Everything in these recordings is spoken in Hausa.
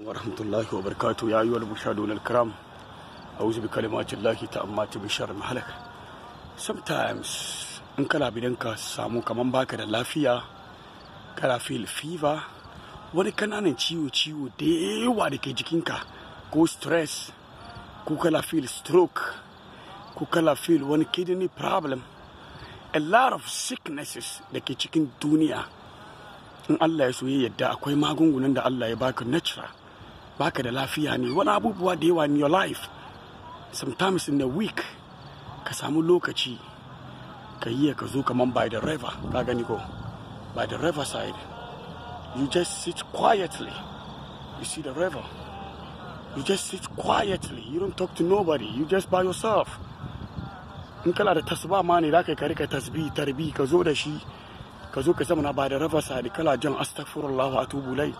ورحمة الله وبركاته يا أيها المشاهدون الكرام أعوذ بكلمات الله ta amma شر bishar هلك sometimes in kana ka samu kaman baka da lafiya kana feel fever wani kananan ciwo-ciwo da yawa da ke jikinka ko stress ko kana feel stroke ko kana feel wani kidney problem a lot of sicknesses da ke cikin duniya in Allah ya so ya yadda akwai magungunan da Allah ya baka natural baka da lafiya ne wani abubuwa da yawa in your life sometimes in a week ka samu lokaci ka yi ka zo kaman by the river ka gani ko by the river side you just sit quietly you see the river you just sit quietly you don't talk to nobody you just by yourself in kana da tasba ma ne za ka rika tasbi tarbi ka zo da shi ka zo ka zama na ba da river side kala jan astaghfirullah wa atubu lai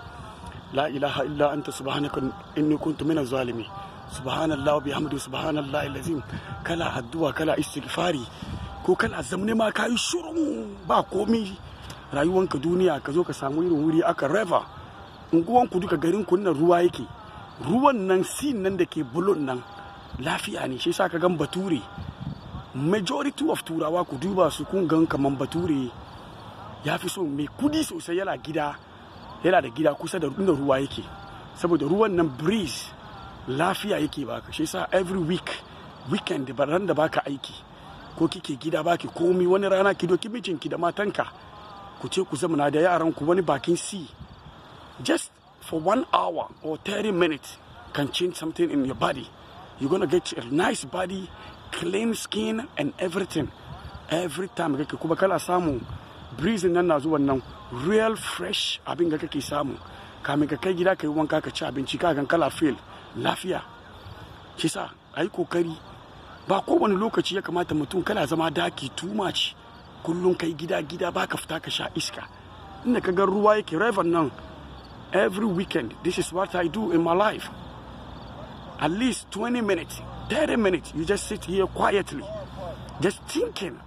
la ilaha illa anta subhanaka inni kuntu minaz zalimin subhanallah wa bihamdi subhanallah alazim kala addu'a kala istighfari ko kala zamne ma kayi shuru ba komi rayuwanka duniya ka zo ka samu irin wuri aka reva unguwan ku duka garin ku nan ruwa yake ruwan nan sin nan da ke bulon nan lafiya ne shi sa ka gan bature majority of turawa ku duba su kun gan kaman bature ya fi so mai kudi sosai yana gida yana da gida kusa da inda ruwa yake saboda ruwan nan breeze lafiya yake baka shi yasa every week weekend baran da baka aiki ko kike gida baki komi wani rana ki doki mijinki da matanka ku ce ku zamana da yaran ku wani bakin sea just for one hour or thirty minutes can change something in your body you're gonna get a nice body clean skin and everything every time kuma kana samu breeze nan na zuwan nan real fresh abin ga kake samu kamin ka kai gida ka wanka ka ci abinci ka gan kala fil lafiya kisa a yi kokari ba kowane lokaci ya kamata mutum kana zama daki too much kullum kai gida gida ba fita ka sha iska inda ka ga ruwa yake river nan every weekend this is what i do in my life at least 20 minutes 30 minutes you just sit here quietly just thinking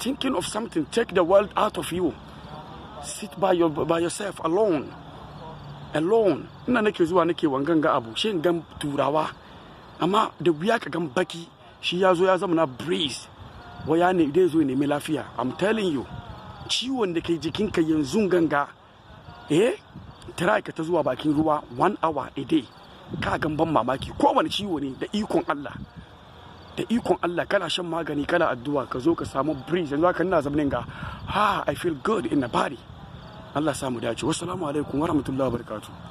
thinking of something take the world out of you sit by, your, by yourself alone alone ina nake zuwa nake wangan ga abu shi gan turawa amma da wuya ka gan baki shi ya zo ya zama na breeze waya ne dai zo nemi lafiya i'm telling you ciwon da ke jikinka yanzu ganga eh try ka ta zuwa bakin ruwa one hour a day ka gan ban mamaki kowane ciwo ne da ikon Allah da ikon Allah kana shan magani kana addu'a ka zo ka samu breeze yanzu haka ina zamanin ga ha i feel good in the body Allah samu dace wassalamu alaikum wa wa wabarakatuh